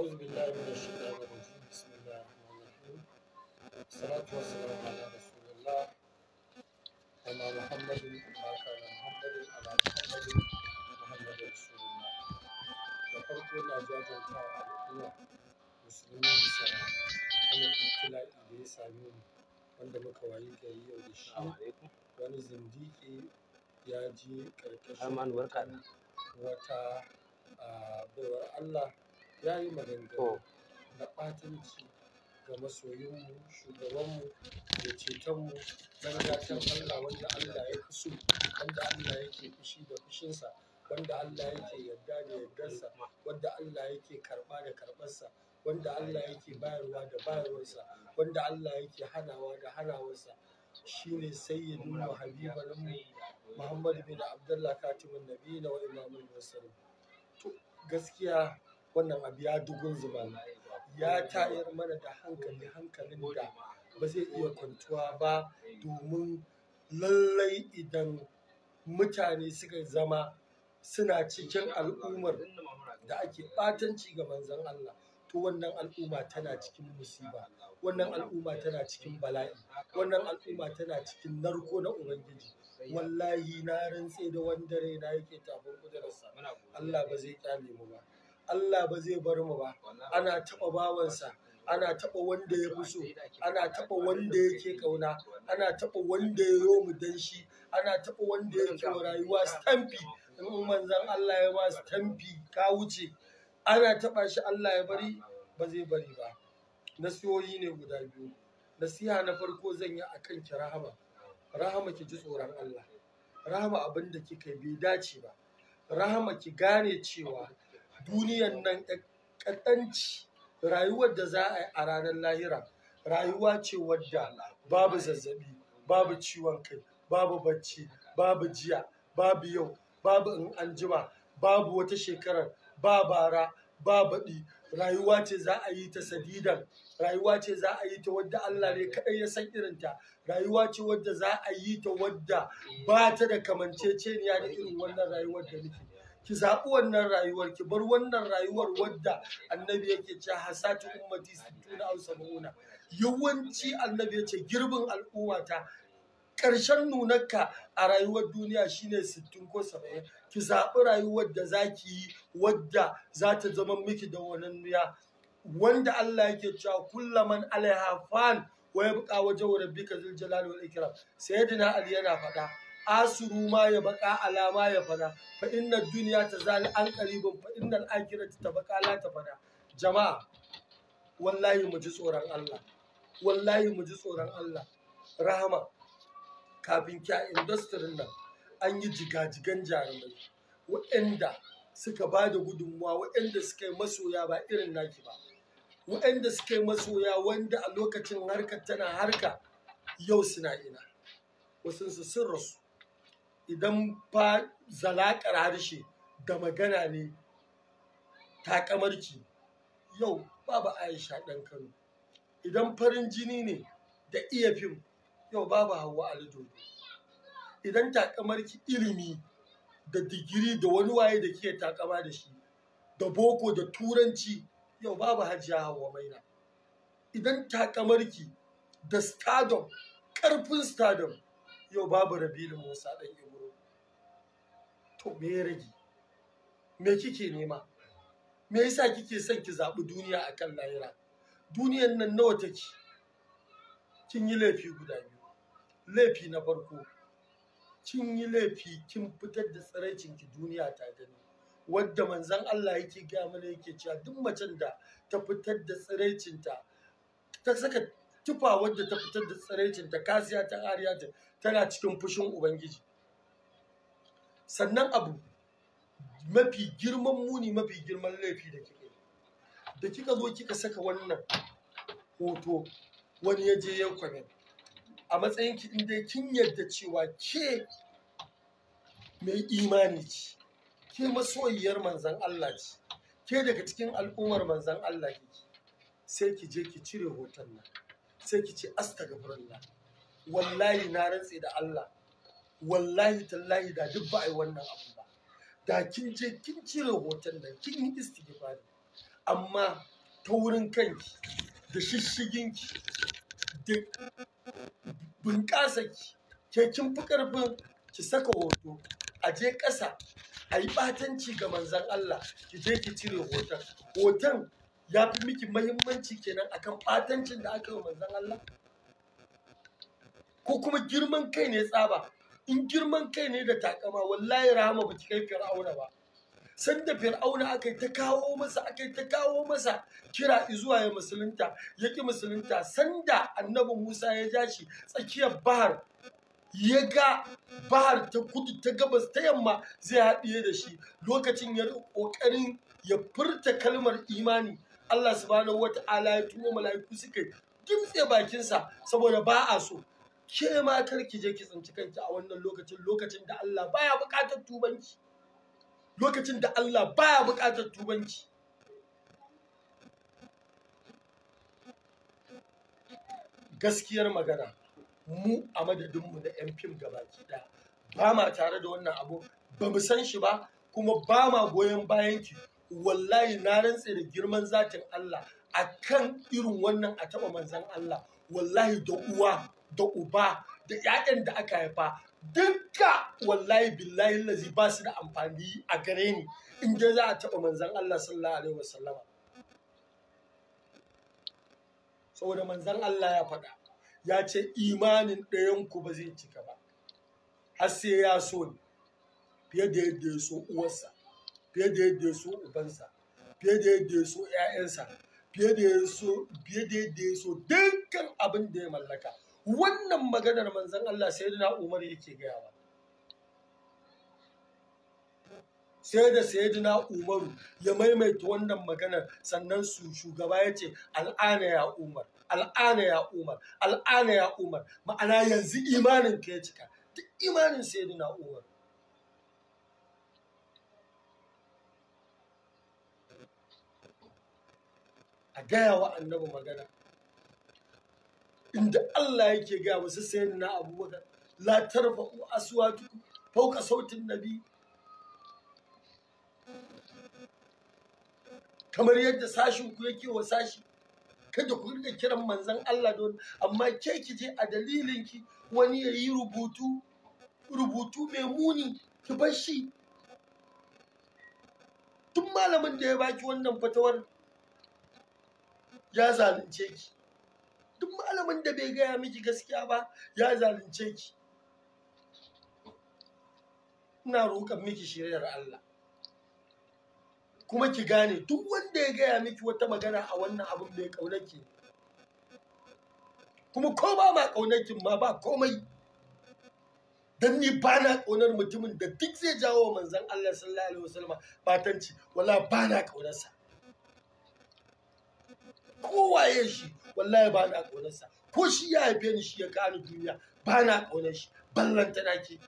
أعوذ بالله من الشيطان الرجيم بسم الله الرحمن الرحيم الصلاة والسلام على رسول الله وما محمد ما كان محمد على محمد محمد رسول الله وفرق نجاة الكعبة الأولى musulmi bisa wannan ibtila'i da ya same mu wanda muka wayi gari yau da shi wani zindiki ya je ƙarƙashin wata baiwar Allah ya yi maganganu na ɓatanci ga masoyinmu, shugabanmu, da cetonmu, ɗan gatan Allah wanda Allah ya fi so, wanda Allah yake fushi da fushinsa, wanda Allah yake yarda da yardarsa, wanda Allah yake karɓa da karɓarsa, wanda Allah yake bayarwa da bayarwarsa, wanda Allah yake hanawa da hanawarsa. Shi ne sayyidinmu habibanmu Muhammad bin Abdullah katimin nabi na wa imamul mursalin. gaskiya wannan abu ya dugun zuma ya tayar mana da hankali hankali da ba zai iya kwantuwa ba domin lallai idan mutane suka zama suna cikin al'ummar da ake ɓatanci ga manzan Allah to wannan al'umma tana cikin musiba wannan al'umma tana cikin bala'i wannan al'umma tana cikin narko na ubangiji wallahi na rantse da wanda na yake tafin kudurarsa Allah ba zai kyale mu ba Allah ba zai bar mu ba ana taɓa bawansa ana taɓa wanda ya fi so ana taɓa wanda yake ƙauna ana taɓa wanda ya yo mu dan shi ana taɓa wanda ya ke rayuwa Stampi, in manzan Allah ya ma stampi, ka wuce ana taɓa shi Allah ya bari ba zai bari ba nasiyoyi ne guda biyu nasiha na farko zan yi akan ki rahama rahama ki ji tsoron Allah rahama abin da kika bai dace ba rahama ki gane cewa duniyan nan kaɗanci, rayuwar da za a yi a ranar lahira rayuwa ce wadda babu zazzabi babu ciwon kai babu bacci babu jiya babu yau babu in an jima babu wata shekarar ba bara ba baɗi rayuwa ce za a yi ta sadidan rayuwa ce za a yi ta wadda Allah ne kaɗai ya san irinta rayuwa ce wadda za a yi ta wadda ba ta da kamanceceniya da irin wannan rayuwar da muke ki zaɓi wannan rayuwar ki bar wannan rayuwar wadda annabi yake ce hasatu ummati sittuna aw sab'una yawanci annabi yace girbin al'ummata ƙarshen nunarka a rayuwar duniya shine sittin ko saba'in ki zaɓi rayuwar da zaki yi wadda za ta zama miki da wannan wananniya wanda Allah yake cewa kullaman alaiha fan wa yabqa wajhu rabbika zul jalali wal ikram sayyidina ali yana faɗa asuru ma ya baka alama ya fada fa inna duniya ta zali an qaribun fa inna al-akhirati ta baka la ta fada jama'a wallahi mu ji tsoron Allah wallahi mu ji tsoron Allah rahama kafin kya industry nan an yi jigajigan jarumai waɗanda suka ba da gudunmuwa waɗanda suka yi masoya ba irin naki ba waɗanda suka yi masoya wanda a lokacin harkar tana harka yau suna ina wasu sun rasu idan fa zalakar harshe da magana ne takamarki yau babu aisha ɗan kano idan farin jini ne da iya fim yau babu hawa Dodo. idan takamarki ilimi da digiri da wani waye da ke takama da shi da boko da turanci yau babu hajiya hawa maina idan takamarki da stardom ƙarfin stardom yau babu rabilu musa ɗan to me ya rage me kike nema me yasa kike son ki zaɓi duniya akan lahira duniyan nan nawa take kin yi laifi guda biyu laifi na farko kin yi laifi kin fitar da ki duniya ta gani wadda manzon Allah yake gaya mana yake cewa duk mace da ta fitar da tsiraicinta ta saka tufa wadda ta fitar da ta kasiya ta ariya tana cikin fushin ubangiji sannan abu mafi girman muni mafi girman laifi da kika da kika zo kika saka wannan hoto wani ya je ya kwamen a matsayin ki inda kin yarda cewa ke mai imani ce ke masoyiyar manzan Allah ce ke daga cikin al'ummar manzan Allah ke sai ki je ki cire hoton nan sai ki ce astagfirullah wallahi na rantse da Allah wallahi tallahi da duk ba a yi wannan abu ba da kin je kin cire hoton nan kin yi istighfari amma ta wurin kanki da shishiginki da bunƙasa ki ke kin fi ƙarfin ki saka hoto a je ƙasa a yi ɓatanci ga manzon Allah ki je ki cire hoton hoton ya fi miki mahimmanci kenan akan ɓatancin da aka yi manzon Allah ko kuma girman kai ne tsaba in girman kai ne da takama wallahi rahama ba ki kai fir'auna ba sanda fir'auna aka ta kawo masa aka ta kawo masa kira zuwa ya musulunta yaki musulunta sanda annabi Musa ya ja tsakiyar bahar ya ga bahar ta kudu ta gabas ta yamma zai haɗiye da shi lokacin ya ƙoƙarin ya furta kalmar imani Allah subhanahu wata'ala ya tuwo mala'iku suka dimtse bakinsa saboda ba a so ke ma kar ki je ki tsinci kanki a wannan lokacin lokacin da Allah baya buƙatar tubanci lokacin da Allah baya buƙatar tubanci gaskiyar magana mu a madadinmu na 'yan fim gabaki ɗaya ba ma tare da wannan abu ba mu san shi ba kuma ba ma goyon bayanki wallahi na rantse da girman zatin Allah A kan irin wannan a taɓa manzan Allah wallahi da uwa da uba da 'ya'yan da aka haifa dukka wallahi billahi lazi ba su da amfani a gare ni in dai za a taɓa manzan Allah sallallahu alaihi wasallama saboda manzan Allah ya faɗa ya ce imanin ɗayanku ba zai cika ba har sai ya so ni fiye da yadda ya so uwarsa fiye da yadda ya so ubansa fiye da yadda ya so 'ya'yansa fiye da yadda ya so dukkan abin da ya mallaka wannan maganar manzan Allah na Umar yake gaya wa sai da na Umaru ya maimaita wannan maganar sannan su shugaba ya ce al'ana ya Umar al'ana ya Umar al'ana ya Umar ma'ana yanzu imanin ka ya cika duk imanin na Umar a gaya wa annabi magana inda Allah yake ga wasu sayan na abubakar la tarfa'u aswatu fauka sautin nabi kamar yadda sashin ku yake wa sashi kada ku rika kiran manzon Allah don amma ke ki je a dalilin ki wani ya yi rubutu rubutu mai muni ki bar shi tun malamin da ya baki wannan fatawar ya zalunce ki duk malamin da bai gaya miki gaskiya ba ya zalunce ki ina roƙon miki shiryar Allah kuma ki gane duk wanda ya gaya miki wata magana a wannan abin mai ki? kuma ko ba ma ƙaunakin ma ba komai don ni ba na ƙaunar mutumin da duk zai jawo manzan Allah sallallahu alaihi wasallam batanci wala ba na ƙaunarsa waye shi wallahi ba na ƙaunarsa ko shi ya haife ni shi ya kani duniya ba na ƙaunar shi ballan ta daki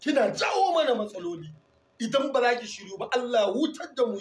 kina jawo mana matsaloli idan ba za ki shiru ba Allah wutar da mu